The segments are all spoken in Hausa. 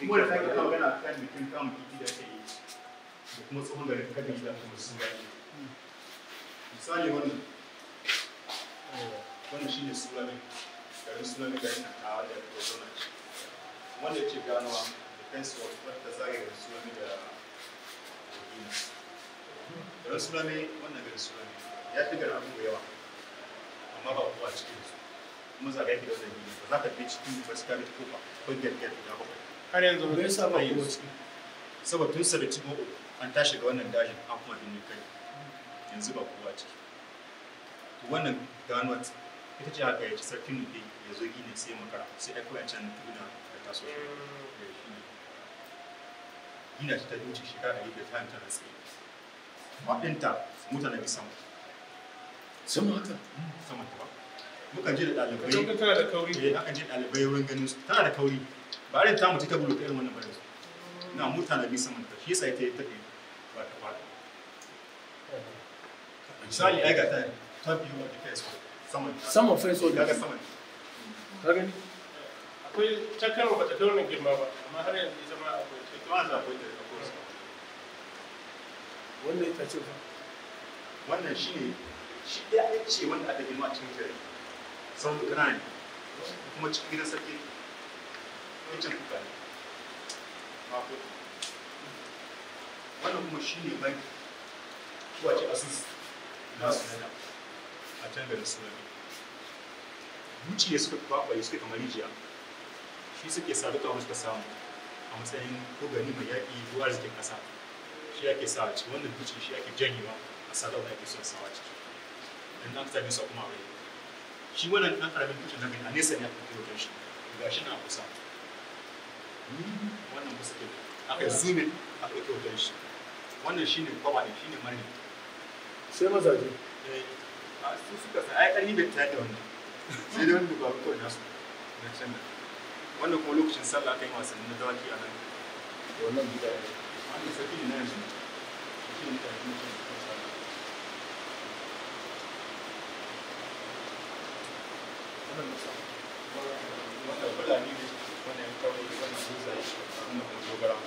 kuma da sake zuwa magana kan bikin kamun kifi da ake yi da kuma tsohon garin kada gida kuma sun gani misali wannan wannan shine sulamin garin sulamin garin na kawo da tattauna wanda ce ganowa da kansu wadda zagayen sulamin da kogina garin sulamin wannan garin sulamin ya fi garin abubuwa yawa amma ba kowa cikin su kuma zagayen gidan da gini ba za ka bi cikin ba su kare kofa ko gyargyar guda bakwai har yanzu ba sa ba yi wasu saboda tun sada cikin uku an tashi ga wannan dajin an kuma binne kai yanzu ba kowa ciki to wannan ganuwat ita ce haka ya ci sarkin nufi ya zo gina sai makara sai aiko ya can tuna da taso shi eh, gina ta wuce shekara ɗari da tayan tana tsaye faɗinta mutane bi sama sama haka hmm, sama ta ba muka je da ɗalibai tana da kauri eh, wurin ganin su tana da kauri ba ta tamu ta bulo ta irin wannan barin na mutane bi saman ta shi sai ita ta tafi ba ta fada misali ai ga ta ta biyu wanda ta so saman saman fa so ga saman ka gani akwai cakar ba ta tauna girma ba amma har yanzu ita ma akwai cakar ba akwai ta akwai wannan ita ce ba wannan shine shi ɗaya ce wanda aka girma cikin gari saboda kana ne kuma cikin gidan sarki yancin wannan kuma shi ne banki kuwa ce asusu nasu nana a can da nasu nana zuciya suka kwaɓa suka kamar rijiya shi suke saduka wani suka samu a matsayin ko gani mai yaƙi ko arzikin ƙasa shi ake sa a ciki wannan zuciya shi ake janyewa a sadarwa da ake son sawa ciki dan an same su kuma a rai shi wannan ɗan ƙaramin zuciya na gani a nesa ne a kan shi ga shi na kusa wannan musu ke aka zume aka ɗauki wajen shi wannan shi ne kwaba ne shi ne marni sai mazaje eh, a su suka sa ai ƙarni bai tayar da wannan sai dai wanda babu kawai nasu na can da wannan kuma lokacin sallah aka yi wasanni na dawaki a nan wannan gida ne wannan sarki ne na yanzu shi ne tarihi na shi wannan musamman wannan fulani हम लोग को programme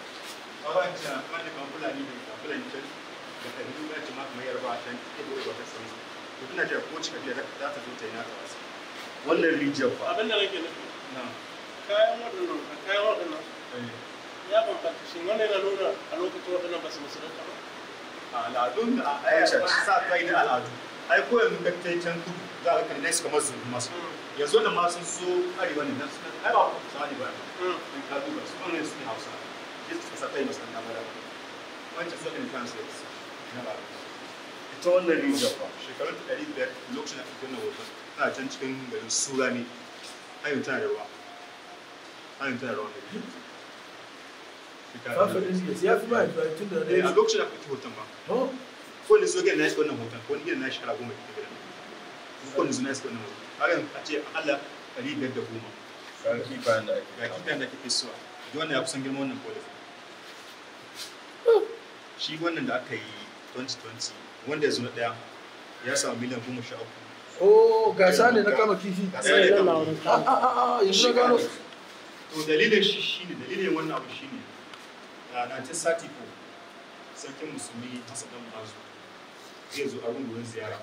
baba ci wanda kan fulani ne da kan yi duka ta ko ta zo ta yi wannan rijiyar ba abin da nake nufi kayan waɗannan kayan waɗannan ya bambanta shi wannan yana nuna a lokacin waɗannan ba su musu ba al'adun da a ayyar sa kai da al'adu ai ko yanzu ka kai can kudu za ka kalle su kamar su masu yanzu da masu so arewa ne dan su ai ba ku sani ba in ka duba su ne su ne hausa Ah, is famous in Amara. When she said in translates, never. Ita wannan rijiyar ba. Shekarun ta ɗari biyar lokacin da aka gina hoton tana can cikin garin Sulani. tana da ruwa. Ayin tana da ruwa ne. Fafa rijiyar ya fi ba tun da rijiyar. A lokacin da aka hoton ba. Ko ne so gina na shi wannan hoton ko ne gina na shi goma da Ko ne so na shi wannan hoton. Hakan a ce akalla ɗari biyar da goma. Ga kifayen da ake kisuwa. Duk wannan ya kusan girma wannan shi wannan da aka yi 2020 wanda ya zo na daya ya samu miliyan goma sha uku oh gasa ne na kama kifi gasa eh, ne kama kifi ah, ah, ah, yanzu na gano to dalilin shi ne dalilin wannan abu shi shine a 1934 sarkin musulmi hasan dan mazu zai zo a rungurin ziyara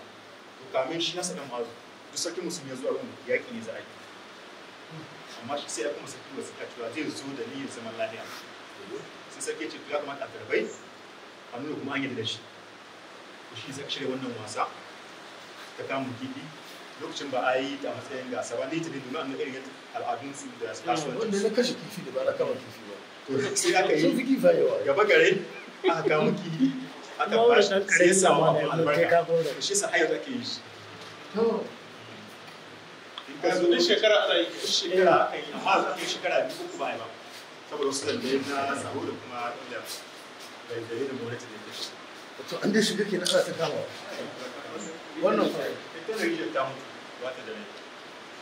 to kamin shi hasan dan mazu duk sarkin musulmi ya zo a rungu yaƙi ne za a yi amma shi sai ya kuma sarki wasu cewa zai zo da niyyar zaman lafiya lokacin sarki ce ya kamata a tarbai a nuna kuma an yi da shi shi zai shirya wannan wasa ta kamun kifi lokacin ba a yi ta matsayin gasa ba ne ta ne domin annan irin al'adun su da kasuwa wanda na kashe kifi da ba na kama kifi ba to sai aka yi sun fi kifa yawa gaba gare aka kama kifi aka ba shi sai ya samu abu albarka shi sa hayar ake yi shi yanzu duk shekara ana yi shekara aka yi amma yi shekara biyu ko ba a yi ba saboda wasu dalilai na tsaro da kuma ila dalilin gwamnati da ya kashe to an dai shiga kenan ana ta kama wannan fa ita da rijiyar ta mutu ba ta da rai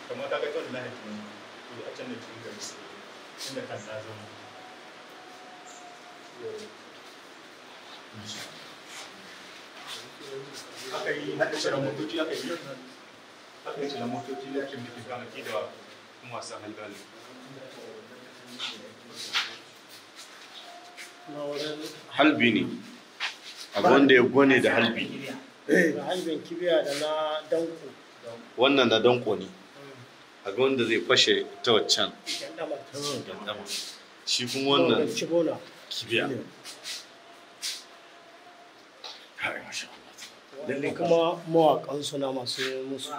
kamar ta ga ta wallahi ta mutu a can da cikin gari inda kan na zama aka yi haɗa shirin motoci aka yi aka yi shirin motoci lakin da ke kama ki da kuma wasan halgalu halbi ne abu wanda ya gone da halbi eh. halbin kibiya da na danko wannan na danko ne abu wanda zai fashe ta waccan shi kun wannan kibiya lalle kuma mawaƙan suna masu musu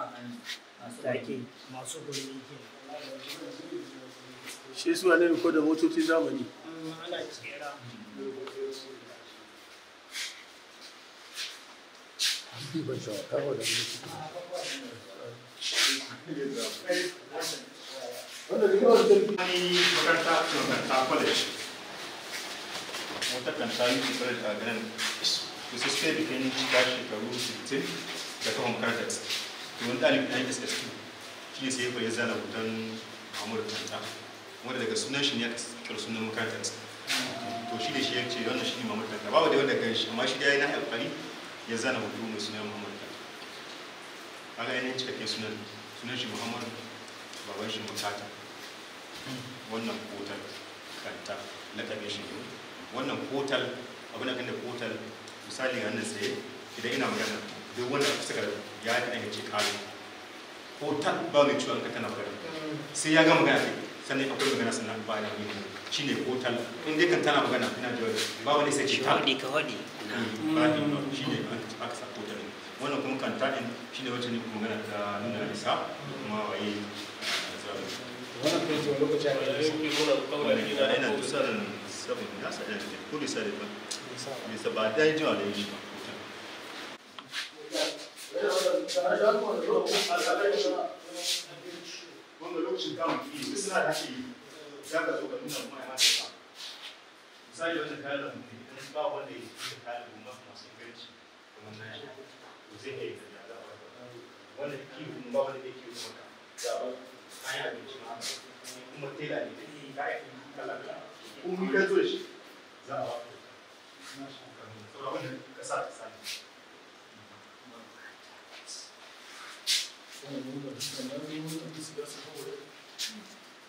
masu gulmi shi suna ne ko da motocin zamani mm, ana kera makaranta makaranta college wata kanta yi college a ganin kusa sai da kan shiga shekaru 60 da kafa makarantar domin ɗalib na ssp shi ne sai ya zana hoton mahmud kanta wanda daga sunan shi ne ya kirsunan makarantar to shi da shi ya ce wannan shi ne Muhammad ba babu da wanda kan shi amma shi da yi na alfari ya zana hudu mai sunan Muhammad Kaka kaga yanayin cikakken sunan sunan shi Muhammad baban shi Mutata wannan kotal kanta lakabin shi ne wannan kotal abin da kan da kotal misali ga nan tsaye idan ina magana duk wanda suka ya yi ɗan yace kalu ko ba mai ciwon ka tana magana sai ya gama gana sannan akwai magana sannan ba yi ne shine hotel in dai kan tana magana ina jiwa ba wani sai ta hodi ka hodi ba ni ne shine aka sa hotel wannan kuma kan tadin shine wacce ne magana ta nuna isa kuma waye wannan kai ce lokaci a yi da ya za ka zo ka nuna kuma ya ba misali wannan kayan yi masu masu inganci kamar na shi to zai iya yi za a wanda kiwo za a kuma ne ta ko mu ka shi za a ta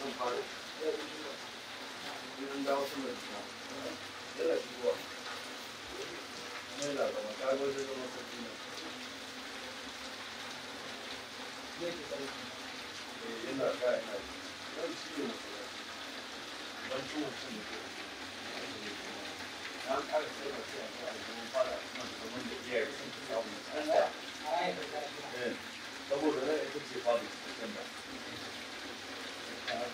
那啥，别来去过，没来过。没来过，来过就给我送进来。没去啥？哎，领导，开开。咱去吗？咱中午去吗？咱中午去吗？然后开始说现在什么发展，什什么就业什比较稳定。哎哎，嗯，到部队来，一起发真的。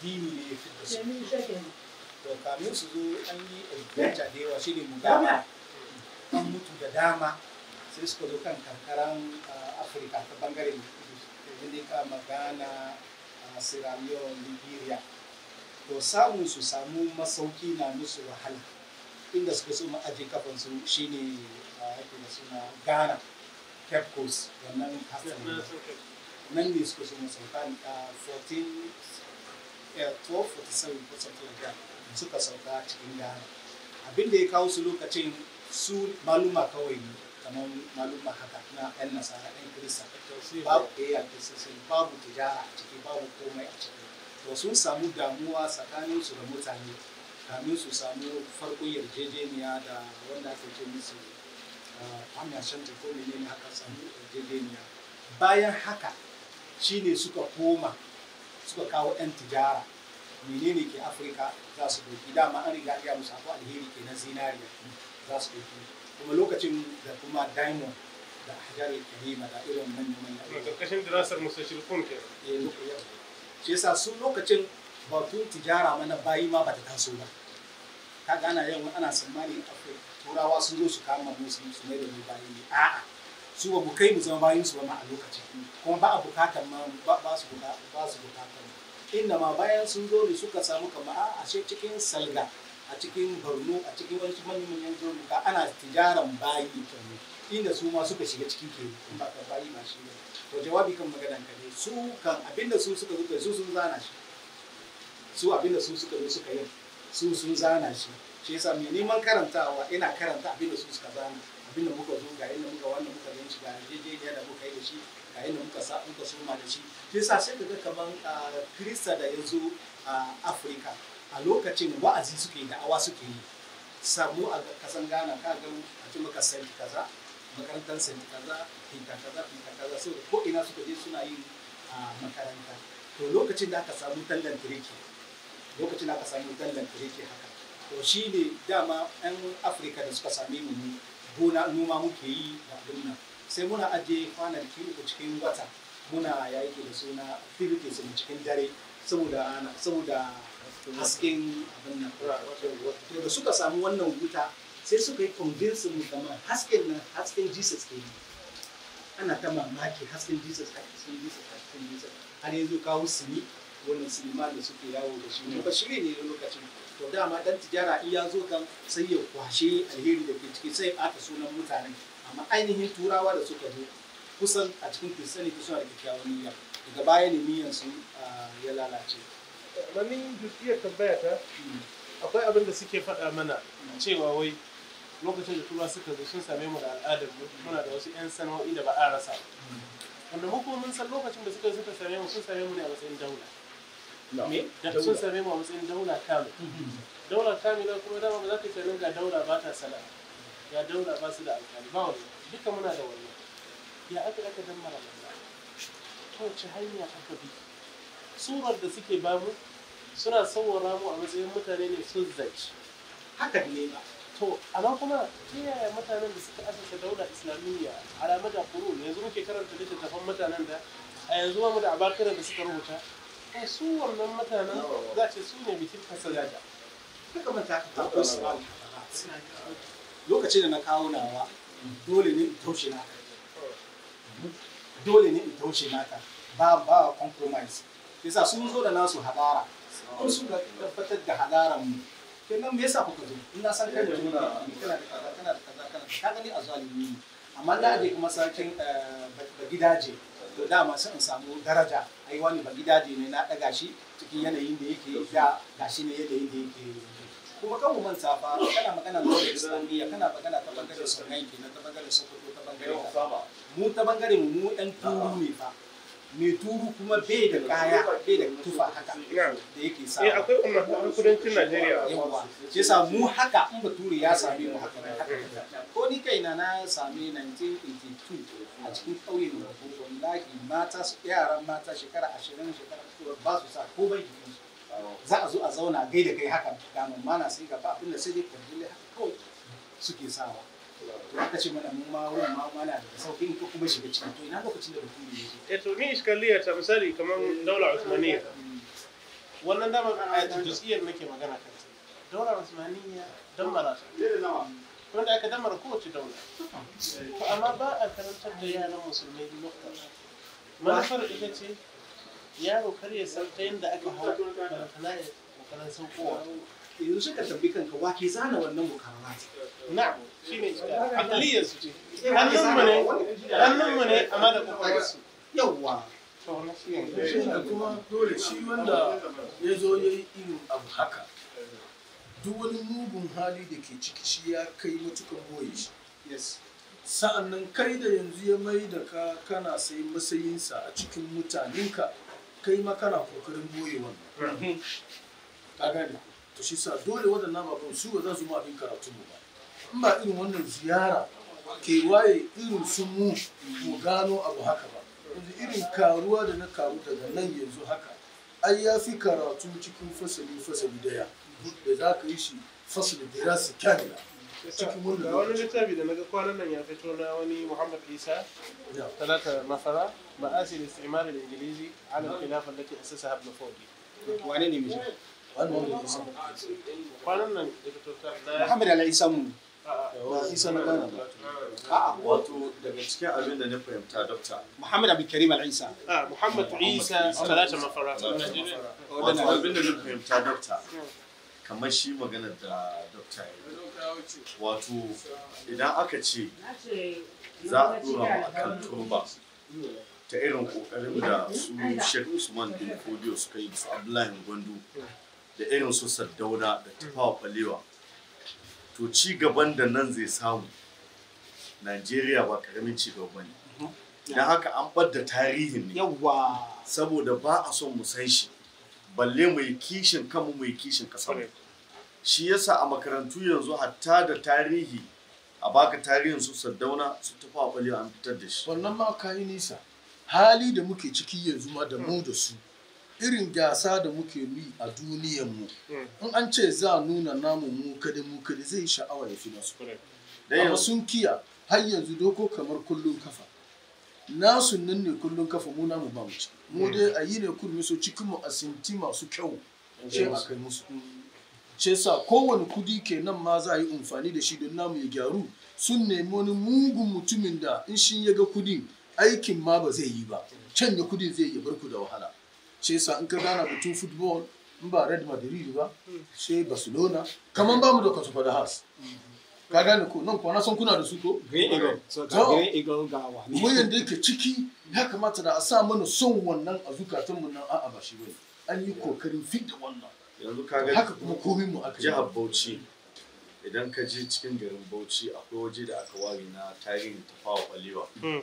addini ne ya fitar su to kamin su zo an yi adventure da yawa shi ne mugama an mutu da dama sai suka zo kan karkaran ah, afirka ta bangaren indika magana ah, sierra leone liberia to samun su samu masauki na musu wahala inda suka so ma'aji kafansu shine ake ah, da suna ghana cape coast wannan nan ne suka so masauka 14 1247 ko something like that suka sauka cikin Ghana abin da ya kawo su lokacin su maluma kawai ne kamar maluma haka na yan nasara yan kirista babu babu tijara a ciki babu komai a ciki to sun samu damuwa tsakanin su da mutane kamin su samu farkon yarjejeniya da wanda ake ce musu ah, hanyar ko haka samu yarjejeniya bayan haka shine suka koma suka kawo 'yan tijara menene ke afirka za su doki dama an riga iya musu ko alheri ke na zinariya za su doki kuma lokacin da kuma diamond da hajar kalima da irin manyan manyan karkashin dirasar musa shirkun ke shi yasa su lokacin batun tijara mana bayi ma ba ta taso ba Ta gana yau ana tsammanin afirka turawa sun zo su kama musu su mai da mu bayi a'a su ba mu kai mu zama bayan su ba ma a lokacin kuma ba a bukatan ma ba su ba su bukatan inda ma bayan sun zo ne suka samu kamar a ashe cikin salga a cikin borno a cikin wani manyan manyan ka ana tijaran bayi inda su ma suka shiga cikin ke ba ka bayi ma shi ne to jawabi kan maganan ka ne su kan abinda su suka zo su sun zana shi su abinda su suka zo suka yi su sun zana shi shi yasa mai neman karantawa ina karanta abinda su suka zana abin da muka zo ga yadda muka wannan muka ganci ga daidai da muka yi da shi ga yadda muka sa muka soma da shi shi sa sai kaga kaman kirista da ya zo a afirka a lokacin wa'azi suke yi da'awa suke yi samu a kasan ghana ka ga a ce maka senti kaza makarantar senti kaza finta kaza finta kaza so ko ina suka je suna yin makaranta to lokacin da aka samu tallan kirki lokacin da aka samu tallan kirki haka to shi ne dama 'yan afirka da suka same mu gona noma muke yi da abin nan sai muna ajiye kwanaki uku cikin wata muna yaƙi da suna activities mu cikin dare saboda saboda hasken abin nan to da suka samu wannan wuta sai suka yi convince mu kamar hasken nan hasken Jesus ke yi ana ta mamaki hasken Jesus hasken Jesus hasken Jesus har yanzu kawo simi wannan sinima da suke yawo da shi ba shi ne na lokacin to dama dan tijara in ya zo kan sai ya kwashe alheri da ke ciki sai ya sunan mutanen amma ainihin turawa da suka zo kusan a cikin kristiyaniti suna da kyakkyawan niyya daga baya ne niyyar su ya lalace mamin dukiyar tambaya ta hmm. akwai abin da suke faɗa mana cewa wai lokacin da turawa suka zo sun same mu da al'adar mu muna da wasu 'yan sana'o'i da ba a rasa hmm. wanda hukumin san lokacin da suka suka same mu sun same mu ne a matsayin daula da sun same mu a matsayin daula kamu daula kamila kuma dama ba za ka ce ga daula ba ta sana'a ya daula ba su da alƙali ba wani duka muna da wani. ya aka aka dan mara ta wace hanya aka bi surar da suke ba mu suna sauwara mu a matsayin mutane ne sun zaci haka ne ba to amma kuma ta yaya mutanen da suka asasa daula islamiyya alamada kurun yanzu muke karanta littattafan mutanen da a yanzu ba mu da abakarar da suka rubuta eh su wannan mutanen za ce su ne bikin kasalaja duka manta haka akwai su lokacin da na kawo nawa dole ne in taushe naka dole ne in taushe naka ba ba compromise yasa sun zo da nasu hadara kun su tabbatar da hadaran mu kenan me yasa kuka zo in na san kai da juna kana da kaza kana da kaza kana da ka ni a zalimi ne amma da ake kuma da eh, gidaje to dama sai in samu daraja ai wani ba gidaje ne na daga shi cikin yanayin da yake ga shi ne yanayin da yake kuma kan mu safa kana magana da islamiyya kana magana ta bangaren sunan na ta bangaren sokoto ta bangaren mu ta bangaren mu ɗan turu ne fa mai turu kuma bai da kaya bai da tufa haka da yake sa eh akwai umma ta kudancin Najeriya yawa shi sa mu haka in bature ya same mu haka ko ni kaina na same 1982 a cikin ƙauyen da wallahi mata yaran mata shekara 20 shekara ba su sa ko bai za a zo a zauna gai da kai haka da mamana sai gaba abinda sai dai kardile haka kawai suke sawa aka ce mana mun ma wurin ma mana da sauki in kuma shiga ciki to ina lokacin da mutum ne yake eh to ni iskaliya ta misali kamar daula usmaniya wannan dama a juz'iyyar nake magana kan daula usmaniya dammara kuma da aka dammara kowace daula to amma ba a karantar da yaran musulmai lokacin manufar ita ce yaro kar ya san ta yadda aka hau da balantana ya kokarin saukowa yanzu suka tambi kanka wa ke zana wannan mukarrat na a akliyar su ce hannun mu ne eh, hannun mu ne amma da kokarin su yawwa kuma dole shi wanda ya zo ya yi irin abu haka duk wani mugun hali da ke ciki shi ya kai matukan boye shi sa'an nan kai da yanzu ya mai da ka kana sai matsayinsa a cikin mutanenka kai ma kana kokarin boye wannan mm-hmm. to shi sa dole waɗannan abubuwan su ba za su mu abin karatu mu ba in ba irin wannan ziyara ke waye irin su mu mu gano abu haka ba wanda irin karuwa da na karu daga nan yanzu haka ai ya fi karatu cikin fasali fasali daya da za ka yi shi fasali da ya su kyani ba wannan wani littafi da naga kwanan nan ya fito na wani muhammad isa talata masara ma'asi da istimar da ingilizi ala khilafa da ke asasa habna fodi wane ne mishi kwanan nan Muhammad ala isa mun ba isa na gana ba a'a wato daga cikin abin da na fahimta dokta Muhammad abin karim ala isa Muhammad isa salata mafara wato abin da na fahimta dokta kamar shi magana da dokta ya wato idan aka ce za a dora mu akan turba ta irin kokarin da su Sheikh Usman bin Kodiyo suka yi su Abdullahi Gwandu da irin su saddauna da tafawa balewa to ci gaban da nan zai samu najeriya ba karamin ci gaba ne mhm. da haka an ɓadda tarihin ne yawa saboda ba a son mu san shi balle mu yi kishin kanmu mu yi kishin kasa. shi yasa a makarantu yanzu hatta da tarihi a baka tarihin su saddauna su tafawa balewa an fitar da shi wannan ma kayi nisa hali da muke ciki yanzu ma da mu da su irin gasa da muke yi a duniyanmu hmm. in an ce za nuna namu mu kada mu kada zai sha'awa ya fi nasu amma sun kiya har yanzu doko kamar kullun kafa nasu nan ne kullun kafa mu namu ba mu ci mu hmm. dai a yi ne kurmi so cikin mu asinti masu kyau ce a kai musu ce sa kowane kudi ke nan ma za a yi amfani da shi don namu ya gyaru sun nemi wani mugun mutumin da in shi ya ga kudin aikin ma ba zai yi ba can canya kudin zai yi barku da wahala shi yasa in ka gana batun football in ba Red Madrid ba hmm. shi Barcelona kaman ba mu da fa da has hmm. ka gane ko nan kwana son kuna da su ko Green ga wani mu yanda yake ciki ya kamata da a sa mana son wannan a zukatan mu nan a'a ba shi bane an yi kokarin da wannan yanzu ka ga haka kuma komai mu aka jihar Bauchi idan ka je cikin garin Bauchi akwai waje da aka ware na tarihin tafawa balewa hmm.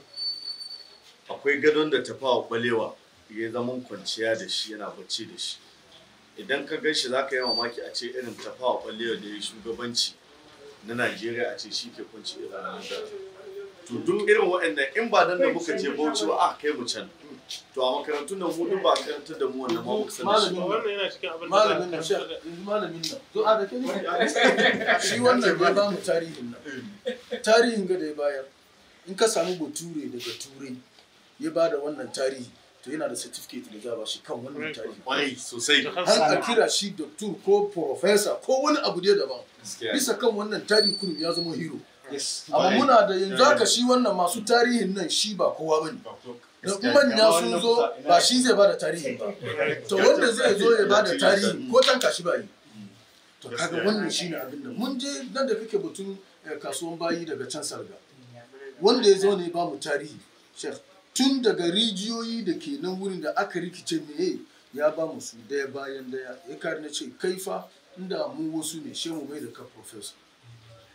akwai gadon da tafawa kwalewa ya zaman kwanciya da shi yana bacci da shi idan ka gan shi za ka yi mamaki a ce irin tafawa kwallewa da ya shugabanci na najeriya a ce shi ke kwanci irin nan to duk irin waɗannan in ba dan da muka je bauchi ba a kai mu can to a makarantun nan mu duk ba karanta da mu wannan ma muka sani shi wannan yana cikin abin da malamin nan malamin nan to a da ke ne shi wannan ya ba mu tarihin nan tarihin ga da ya bayar in ka samu bature daga turai ya ba da wannan tarihi to yana da certificate da za ba shi kan wannan tarihi kwarai sosai har a kira shi doctor ko professor ko wani abu da daban bisa kan wannan tarihi kurum ya zama hero amma muna da yanzu haka shi wannan masu tarihin nan shi ba kowa bane da manya sun zo ba shi zai bada tarihi ba to wanda zai zo ya bada tarihi ko tanka shi ba yi mm. to kaga wannan shi ne abin da mun je nan da kake batun eh, kasuwan bayi daga can sarga mm. wanda ya zo ne ba mu tarihi shekh tun daga rijiyoyi da ke nan wurin da aka rikice meye ya ba mu su daya bayan daya ya kari na ce kaifa inda mu wasu ne shemu mai da ka professor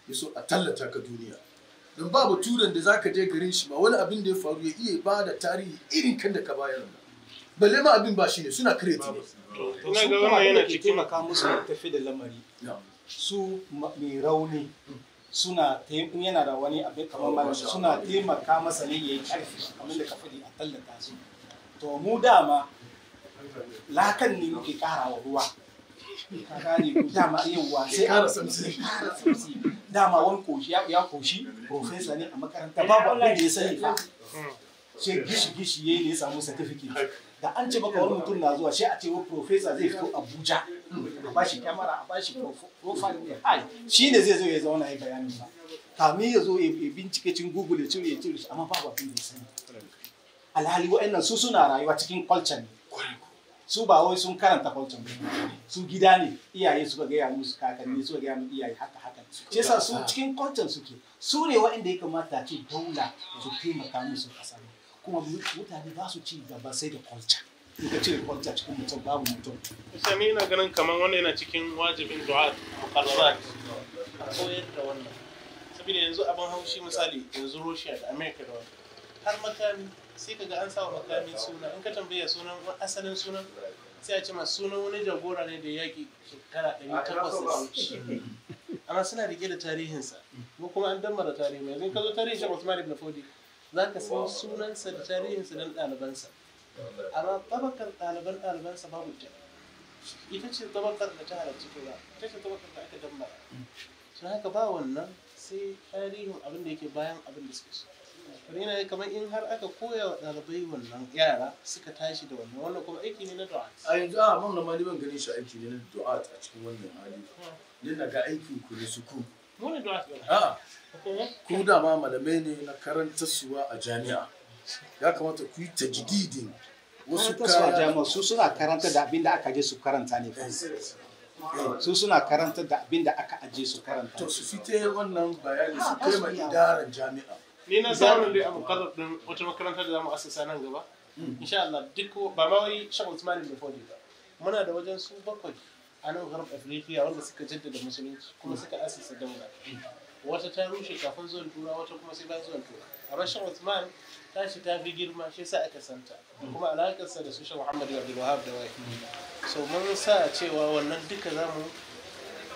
ya so a tallata ka duniya don ba turan da za ka je garin shi ma wani abin da ya faru ya iya ba da tarihi irin kan da ka bayar da balle ma abin ba shi ne suna kireti ne ina ga wannan yana cikin taimaka musu tafi da lamari su mai rauni mm. suna yana da wani abin kamar oh, ma suna taimaka masa ne yayi karfi kamar da ka faɗi a tallata su to mu dama lakan ne muke kara wa ruwa ka gane ku dama yawwa sai kara samsi dama wani koshi ya koshi profesa ne a makaranta babu abin da ya sani fa hmm. sai gishi gishi yayi ne ya samu certificate da an ce baka wani mutum na zuwa sai a ce wa profesa zai fito Abuja a bashi kyamara a bashi profile ne. high shi ne zai zo ya zauna ya bayanin ba kamin ya zo ya bincike cin google ya cire ya cire shi amma babu abin da sani alhali wa'annan su suna rayuwa cikin culture ne su ba wai sun karanta culture ba su gida ne iyaye suka gaya musu kakanni suka gaya musu iyaye haka haka shi yasa su cikin culture suke su ne wa'anda ya kamata ce daula su taimaka musu kasa kuma mutane ba su ci gaba sai da culture in ka cire kwalta cikin mutum babu mutum sai ni ina ganin kamar wannan yana cikin wajibin du'a muqarrarat a koyar da wannan saboda yanzu abin haushi misali yanzu Russia da America da wannan har makami sai kaga an sawa makami suna in ka tambaya sunan asalin sunan sai a ce ma sunan wani jagora ne da yaƙi shekara ɗari takwas da amma suna rike da tarihinsa ko kuma an dammara tarihi mai zai ka zo tarihin Sheikh Usman ibn Fodi za ka san sunansa da tarihinsa don ɗalibansa amma tabakar ɗaliban ɗalibansa babu ta ita ce tabakar da ta halarci kaza ita ce tabakar da aka damba sun haka ba wannan sai tarihin abin da yake bayan abin da suka ci yana kamar in har aka koya wa ɗalibai wannan yara suka tashi da wannan wannan kuma aiki ne na du'a a yanzu a ban da maliban ganin shi aiki ne na du'a a cikin wannan hali ne na ga aikin ku ne su ku mu ne du'a ku da ma malamai ne na karanta suwa a jami'a ya kamata ku yi jididin wasu kaya su suna karanta da abin da aka je su karanta ne su suna karanta da abin da aka aje su karanta to su fite wannan bayani su ah, kai ma idaran jami'a ni na samun da mukarrar din wata makarantar da zamu asasa nan gaba hmm. insha Allah duk ba ma wai Sheikh Usman bin Fodi ba muna da wajen su bakwai a nan harb Afrika wanda suka jaddada musulunci kuma suka asasa daula hmm. wata ta rushe kafin zuwan turawa wata kuma sai bayan zuwan turawa a rashin Usman tashi ta fi girma shi sa aka santa kuma alaƙarsa da su shi muhammad da abdul wahab da wahi so mun sa cewa wannan duka za mu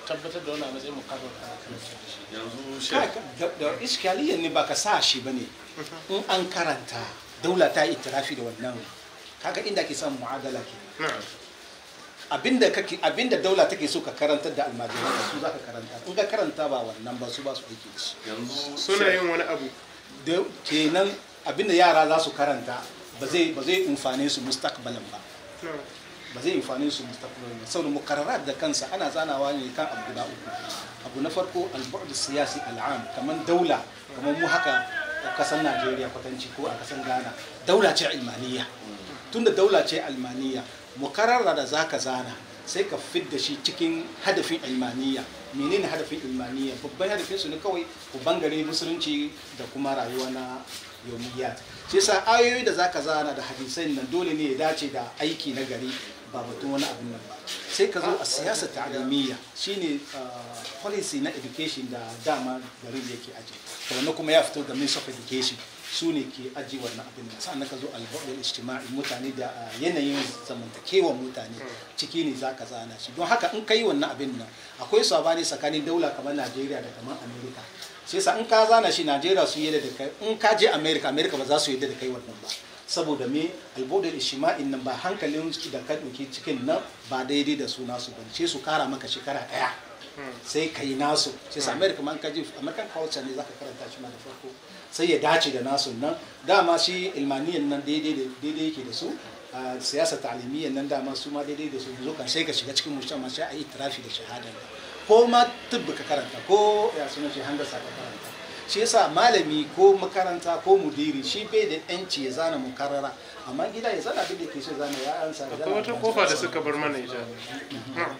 tabbatar da wani matsayin mukarar ana karanta yanzu shi da iskaliyan ne ka sa shi ba ne in an karanta daula ta yi itirafi da wannan kaga inda ke samun mu'adala ke abinda kake abinda daula take so ka karantar da almajirai da su ka karanta in ka karanta ba wannan ba su ba su aiki da shi yanzu suna yin wani abu kenan abinda yara za su karanta ba zai ba amfane su mustaqbalan ba ba zai amfane su mustaqbalan ba saboda mukarrarat da kansa ana zanawa ne kan abu guda uku abu na farko al-bu'd siyasi al'am kaman daula kaman mu haka a kasar Najeriya kwatanci ko a kasar Ghana daula ce almaniya tunda daula ce almaniya mukarrara da zaka zana sai ka fit da shi cikin hadafin almaniya menene hadafin almaniya babban hadafin su ne kawai ku bangare musulunci da kuma rayuwa na yomiyat shi yasa ayoyi da zaka zana da hadisai nan dole ne ya dace da aiki na gari ba batun wani abin nan ba sai ka zo a siyasa ta'alimiyya shine uh, policy na education da dama garin yake aje to kuma ya fito da Ministry of Education su ne ke ajiye wannan abin da sa'an ka zo albaɗin ijtima'i mutane da yanayin zamantakewa mutane hmm. ciki ne za ka zana shi don haka in ka yi wannan abin nan akwai sabani tsakanin daula kamar Najeriya da kamar Amerika sai sa in ka zana shi Najeriya su yadda da kai in ka je Amerika Amerika ba za su yadda da kai wannan ba saboda me albaɗin ishima'in nan ba hankalin da ka ɗauki cikin nan ba daidai da suna su bance su kara maka shekara ɗaya sai ka yi nasu sai sa Amerika man ka ji american culture ne zaka karanta shi ma da farko sai ya dace da nasu nan dama shi ilmaniyan nan daidai daidai yake da su siyasa talimiyyar nan dama su ma daidai da su yanzu kan sai ka shiga cikin musamman sai a yi tirafi da shahada ko ma tubbi ka karanta ko ya suna shi hangasa ka karanta shi yasa malami ko makaranta ko mudiri shi bai da yanci ya zana mukarrara amma gida ya zana duk da ke so zana ya ansa akwai wata kofa da suka bar mana ijaba mm-hmm. hmm.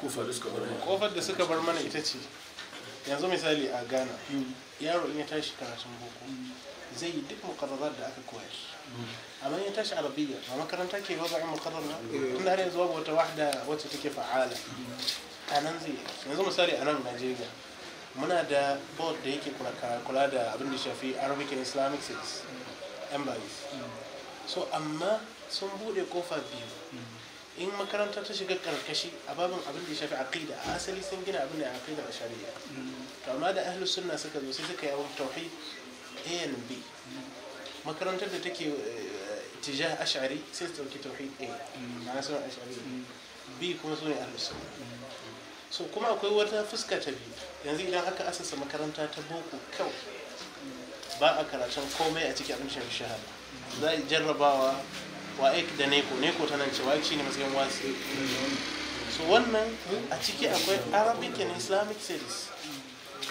kofar da suka bar mana ita ce yanzu misali a ghana yaro in ya tashi karatun boko zai yi duk mukarrarar da aka koyar amma ya tashi arabiya ba makaranta ke ba in mukarrara tunda har yanzu babu wata wahda wacce take fa'ala a nan zai yanzu misali a nan najeriya muna da board da yake kula da abin da shafi arabic and islamic studies embassies so amma sun bude kofar biyu in makaranta ta shiga karkashi a babin abin da ya shafi aqida a asali sun gina abin da ya aqida a shari'a to amma da ahlus sunna suka zo sai suka wani tauhid a and b makarantar da take eh, tijah ash'ari sai su dauki tauhid a ma'ana sunan ash'ari b kuma sunan ahlus sunna so kuma akwai wata fuska ta biyu yanzu idan aka asasa makaranta ta boko kyau ba a karatun komai a cikin abin shahada za a jarrabawa Wa ek da neko neko ta nan ce wa'ik ne matsayin wasu so wannan a ciki akwai arabic and islamic series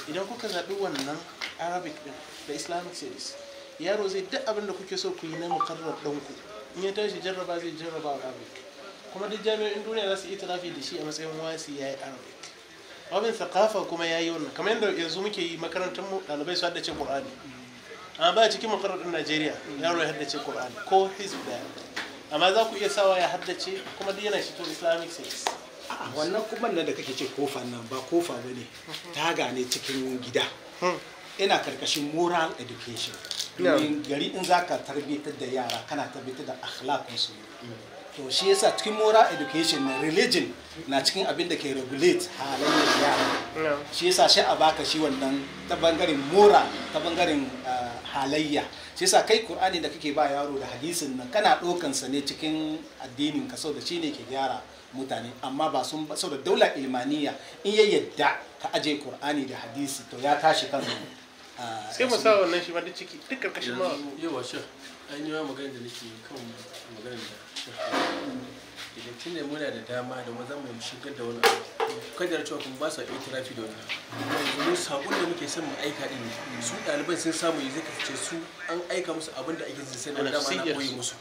idan kuka zaɓi wannan arabic din da islamic series yaro zai duk abin da kuke so ku yi na mukarrar ɗanku in ya tashi jarraba zai jarraba arabic kuma duk jami'o'in duniya za su yi tarafi da shi a matsayin wasi ya yi arabic wabin thakafa kuma ya yi wannan kamar yadda yanzu muke yi makarantar mu ɗalibai su haddace ƙur'ani amma ba cikin makarar ɗin najeriya yaro ya haddace ƙoran ko hizb daya amma za ku iya sawa ya haddace kuma duk yana shito islamic a wannan kuma nan da kake ce kofa nan ba kofa ba ne taga ne cikin gida ina karkashin moral education domin gari in za ka tarbitar da yara kana tarbitar da akhlaqinsu to shi yasa cikin moral education na religion na cikin abin da ke regulate halayyar yara shi yasa shi a baka shi wannan ta bangaren moral ta bangaren halayya shi yasa kai Qur'ani da kake ba yaro da hadisin nan kana ɗaukan sa ne cikin addinin ka saboda shine ke gyara mutane amma ba sun saboda daula ilmaniya in ya yadda ka aje Qur'ani da hadisi to ya tashi kan ah, sai mu sa wannan shi ma duk ciki duk karkashin ma yawa shi an yi magana da nake kan magana da idan tunda muna da dama da maza mu shigar da wani abu kadar cewa kun ba su tirafi da wani yanzu mun sakon da muke son mu aika din su ɗaliban sun samu yanzu ka su an aika musu abin da ake zai na dama na koyi musu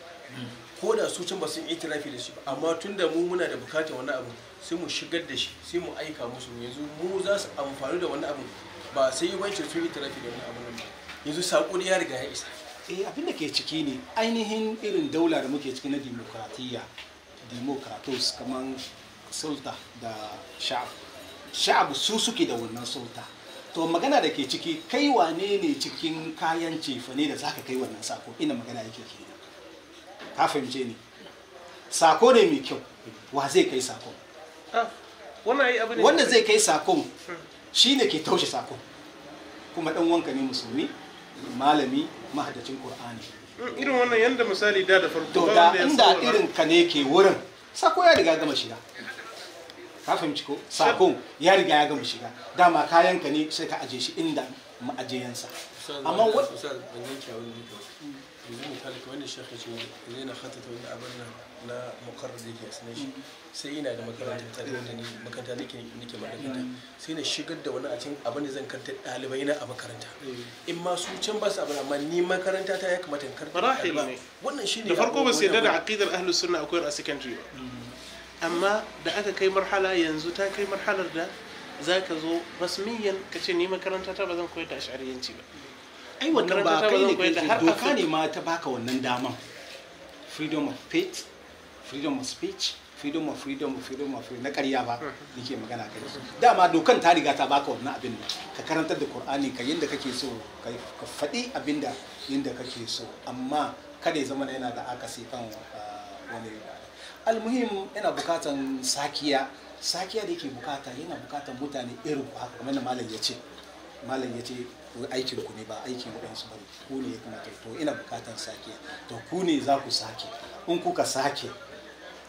ko da su can ba sun tirafi da shi ba amma tun da mu muna da bukatar wani abu sai mu shigar da shi sai mu aika musu yanzu mu za su amfani da wani abu ba sai yi wancan sun tirafi da wani abu nan ba yanzu sako ya riga ya isa eh abin da ke ciki ne ainihin irin daula da muke ciki na dimokuraɗiyya demokratos kamar sulta da sha'ab sha'ab su suke da wannan sulta to magana da ke ciki kai wane ne cikin kayan cefane da zaka kai wannan sako ina magana yake kenan ka fahimce ni sako ne mai kyau wa zai kai sako ah, wanda zai kai sako hmm. shi ne ke taushe sako kuma dan wanka ne musulmi malami mahadacin qur'ani Mm, irin wannan yanda misali da da farko to da inda irin ka ne ke wurin sako ya riga gama shiga ka fahimci ko sakon ya riga ya gama shiga dama kayan ka ne sai ka aje shi inda ma'ajiyansa amma wani yanzu misali kamar da shekha ce na khatata abin nan na makarar da yake sunan shi sai ina da makarantar ta da ni makaranta nake nake makaranta sai na shigar da wani a cikin abin da zan karanta ɗalibai na a makaranta eh. in ma su can ba su abin amma ni makaranta ta ya kamata in karanta ɗalibai wannan shine da farko ba su da aqidar ahlus sunna akwai a secondary ba mm. amma da aka kai marhala yanzu ta kai marhalar da zaka zo rasmiyan ka ce ni makaranta ta ba zan koyar da ash'ariyanci ba ai wannan ba kai ne kai doka ne ma ta baka wannan dama freedom of faith freedom of speech freedom of freedom of freedom of na ƙarya ba mm-hmm. nake magana kai dama dokan ta riga ta baka wannan abin ka karantar da qur'ani ka yanda kake so ka faɗi abin da yanda kake so amma kada ya zama yana da akasi kan ah, wani almuhim yana bukatan sakiya sakiya da yake bukata yana bukatan mutane irin ku haka kamar malam ya ce malam ya ce aikin ku ne ba aikin waɗansu ba ku ne ya kamata to ina bukatan sakiya to ku ne za ku sake in kuka sake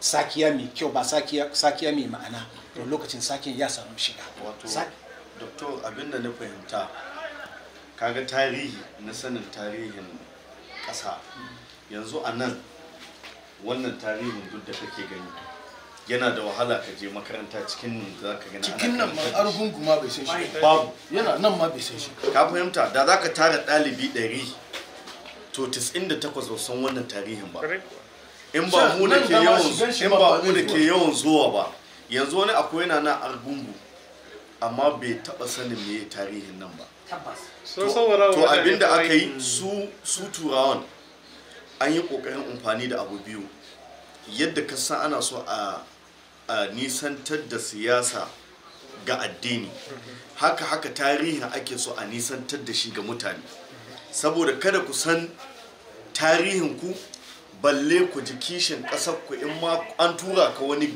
sakiya mai kyau ba sakiya mai ma'ana to lokacin sakin ya samu shiga wato doktor abinda na fahimta kaga tarihi na sanin tarihin ƙasa yanzu a nan wannan tarihin duk da kake gani yana da wahala ka je makaranta cikin nan za ka gani cikin nan ma argungu kuma bai san shi babu yana nan ma bai san shi ka fahimta da za ka tara ɗalibi ɗari to 98 ba san wannan tarihin ba in ba mu da ke yawan in ba mu da ke yawan zuwa ba yanzu wani akwai yana na argungu amma bai taba sanin me tarihin nan ba to abinda aka yi su hmm. su turawan an yi kokarin amfani da abu biyu yadda ka san ana so a nisantar da siyasa ga addini haka haka tarihin ake so a nisantar da shi ga mutane saboda kada ku san tarihin ku balle ku ji kishin ƙasar ku in ma an tura ka wani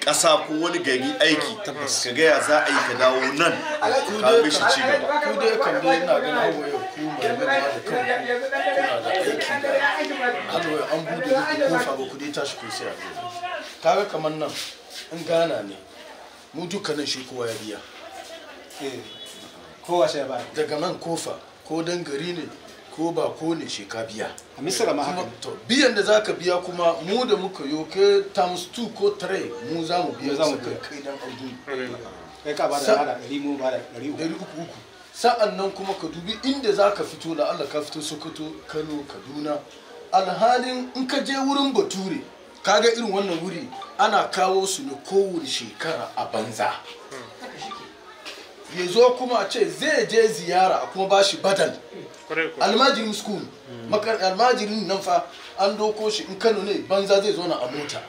ƙasa ko wani gari aiki ka gaya za a yi ka dawo nan ka mishi ci gaba ku da kan dai ina ganin hawa da ku mai da kan da aiki da an bude ku kofa ba ku dai tashi ku sai a kaga kamar nan in gana ne mu dukkanin shi kowa ya biya eh, kowa sai ba daga nan kofa ko dan gari ne ko ba ko ne shi ka biya a misira ma haka to biyan da zaka biya kuma mu da muka yo ke times 2 ko 3 mu za mu biya za mu kai kai dan audu kai ka ba da dari mu ba da dari Dari uku. uku. sa'an nan kuma ka dubi inda zaka fito la Allah ka fito Sokoto Kano Kaduna alhalin in ka je wurin Bature kaga irin wannan wuri ana kawo su ne kowace shekara a banza ya zo kuma ce zai je ziyara a kuma ba shi badal almajirin school almajirin nan fa an doko shi in kano ne banza zai zo na a mota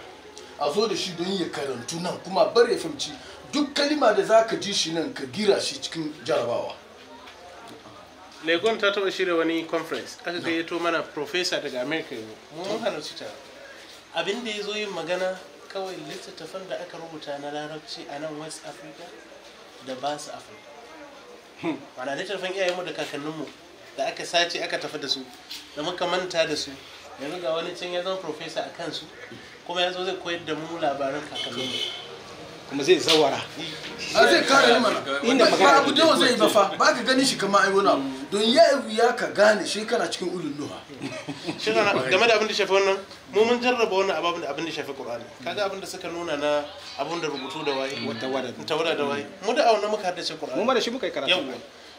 a zo da shi don ya karantu nan kuma bare fahimci duk kalima da za ka ji shi nan ka gira shi cikin jarabawa legon ta taba shirya wani conference aka gayyato mana professor daga america mun halarci ta abin da ya zo yin magana kawai littattafan da aka rubuta na larabci a nan west africa da ba su a afirka wana littattafan iyayenmu da kakanninmu da aka sace aka tafi da su da muka manta da su yanzu ga wani can ya zama profesa a kansu kuma ya zo zai koyar da mu labaran kakanninmu kuma zai zawara a zai kare ni mana inda ba abu da zai ba fa ba ka gani shi kamar ai wani don ya ya ka gane shi kana cikin ulun nuha shi game da abin da shafi wannan mu mun jarraba wani ababin da abin da shafi qur'ani kaga abin da suka nuna na abin da rubutu da waye tawada da waye mu da auna muka haddace qur'ani mu ma da shi muka yi karatu yawa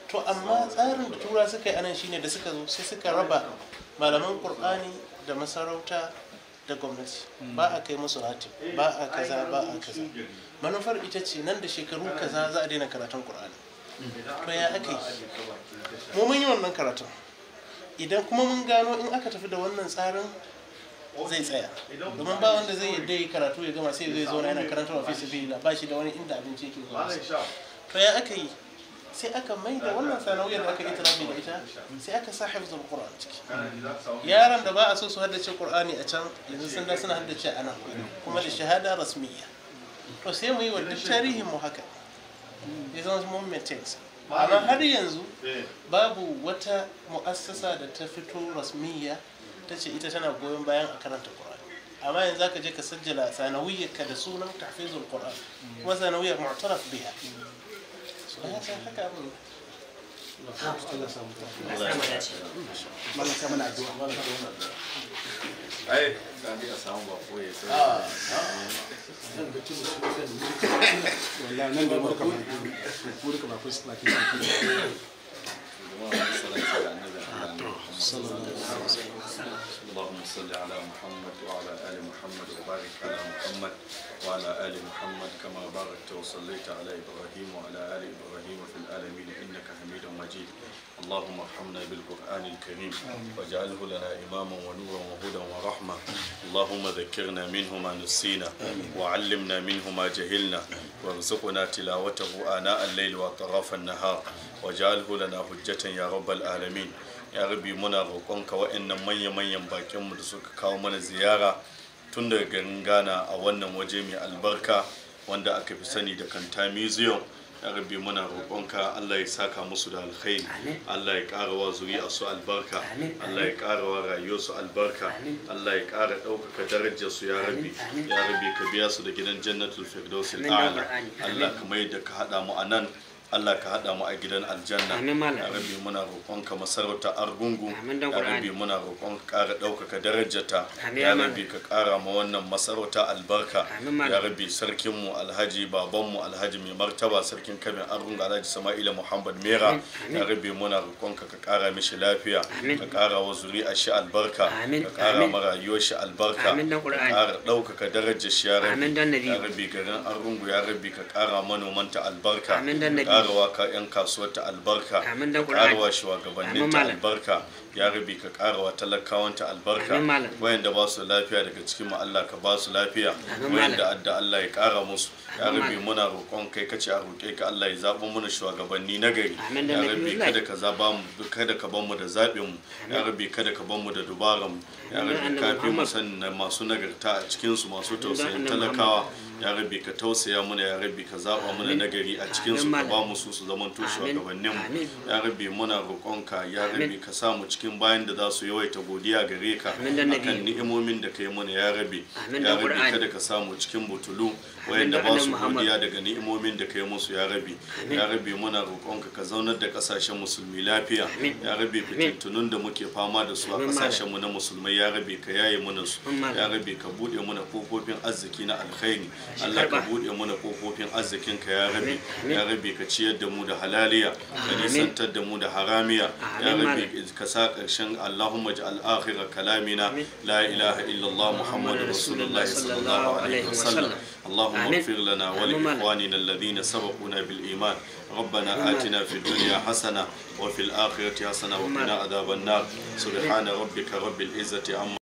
to amma tsarin da tura suka yi anan shine da suka zo sai suka raba malaman qur'ani da masarauta da gwamnati ba a kai musu ratib ba a kaza ba a kaza manufar ita ce nan da shekaru kaza za a daina karatun qur'ani to ya aka yi mu mun yi wannan karatun idan kuma mun gano in aka tafi da wannan tsarin zai tsaya domin ba wanda zai yadda ya karatu ya gama sai zai zo yana karanta wa fisa fi ba shi da wani inda abinci yake zuwa to ya aka yi sai aka mai da wannan sanawiyar da aka yi tarafi da ita sai aka sa hafizul qur'an ciki yaran da ba a so su haddace Kur'ani a can yanzu sun da suna haddace a nan kuma da shahada rasmiya to sai mu yi wa duk tarihin mu haka ya zama mun amma har yanzu eh. babu wata mu'assasa da ta fito rasmiya ta ce ita tana goyon bayan a karanta qur'ani amma yanzu zaka je ka sajjala sanawiyyarka da sunan tahfizul qur'an kuma sanawiyyar mu'taraf biha so haka haka abin ai da a samu ba koye sai nan da kin su kan wallahi nan da murka ba murka ba ko sala kin sallallahu alaihi wasallam اللهم صل على محمد وعلى آل محمد وبارك على محمد وعلى آل محمد كما باركت وصليت على إبراهيم وعلى آل إبراهيم في العالمين إنك حميد مجيد اللهم ارحمنا بالقرآن الكريم واجعله لنا إماما ونورا وهدى ورحمة اللهم ذكرنا منه ما نسينا وعلمنا منه ما جهلنا وارزقنا تلاوته آناء الليل وأطراف النهار واجعله لنا حجة يا رب العالمين ya rabi muna roƙonka waɗannan manya-manyan bakinmu da suka kawo mana ziyara tun daga garin ghana a wannan waje mai albarka wanda aka fi sani da kanta museum ya rabbi muna roƙonka Allah ya saka musu da alkhairi Allah ya ƙara wa a su albarka Allah ya ƙara wa rayuwar su albarka Allah ya ƙara ɗaukaka darajar su ya rabi ya ka biya su da gidan jannatul firdausil a'la Allah kamar da ka haɗa mu a nan Allah ka haɗa mu a gidan aljanna ya rabbi muna ka masarauta argungu ya rabbi muna roƙon ƙara ɗaukaka darajarta ya rabbi ka ƙara ma wannan masarauta albarka ya rabbi sarkin mu alhaji baban mu alhaji mai martaba sarkin kabin argungu alhaji sama'ila muhammad mera ya rabbi muna roƙonka ka ƙara mishi lafiya ka ƙara wa a shi albarka ka ƙara ma rayuwar shi albarka ka ƙara ɗaukaka darajar shi ya rabbi ya rabbi garin argungu ya rabbi ka ƙara manomanta albarka karawa ka yan kasuwar ta albarka karawa shugabannin ta albarka ya rabi ka ƙara wa talakawanta albarka wayanda ba su lafiya daga cikin mu Allah ka ba su lafiya wayanda adda Allah ya ƙara musu ya rabi muna roƙon kai ka ce a roƙe ka Allah ya zaɓa mana shugabanni na gari ya rabi kada ka zaba mu kada ka ban mu da zaɓin mu ya rabi kada ka ban mu da dubaran mu ya rabi ka fi mu san masu nagarta a cikin su masu tausayin talakawa ya rabi ka tausaya mana ya rabi ka zaɓa mana nagari a cikin su ka ba mu su su zaman tushe gabanin mu ya rabi muna roƙon ka ya rabi ka sa mu cikin cikin bayan da za su yawaita godiya gare ka akan ni'imomin da ka yi mana ya rabe ya rabe kada ka samu cikin butulu wayanda ba su godiya daga ni'imomin da ka yi musu ya rabe ya rabe muna roƙonka ka zaunar da kasashen musulmi lafiya ya rabe fitintunun da muke fama da su a kasashen mu na musulmai ya rabe ka yaye mana su ya rabe ka buɗe mana kofofin arziki na alkhairi Allah ka buɗe mana kofofin arzikin ka ya rabe ya rabe ka ciyar da mu da halaliya ka nisantar da mu da haramiya ya rabe ka sa zuwa ƙarshen Allahumma ja'al akhira kalamina la ilaha illallah Muhammadu Rasulullah sallallahu alaihi wasallam Allahumma ighfir lana wa li ikhwanina alladhina sabaquna bil iman ربنا آتنا في الدنيا حسنة وفي الآخرة حسنة وقنا عذاب النار سبحان ربك رب العزة عما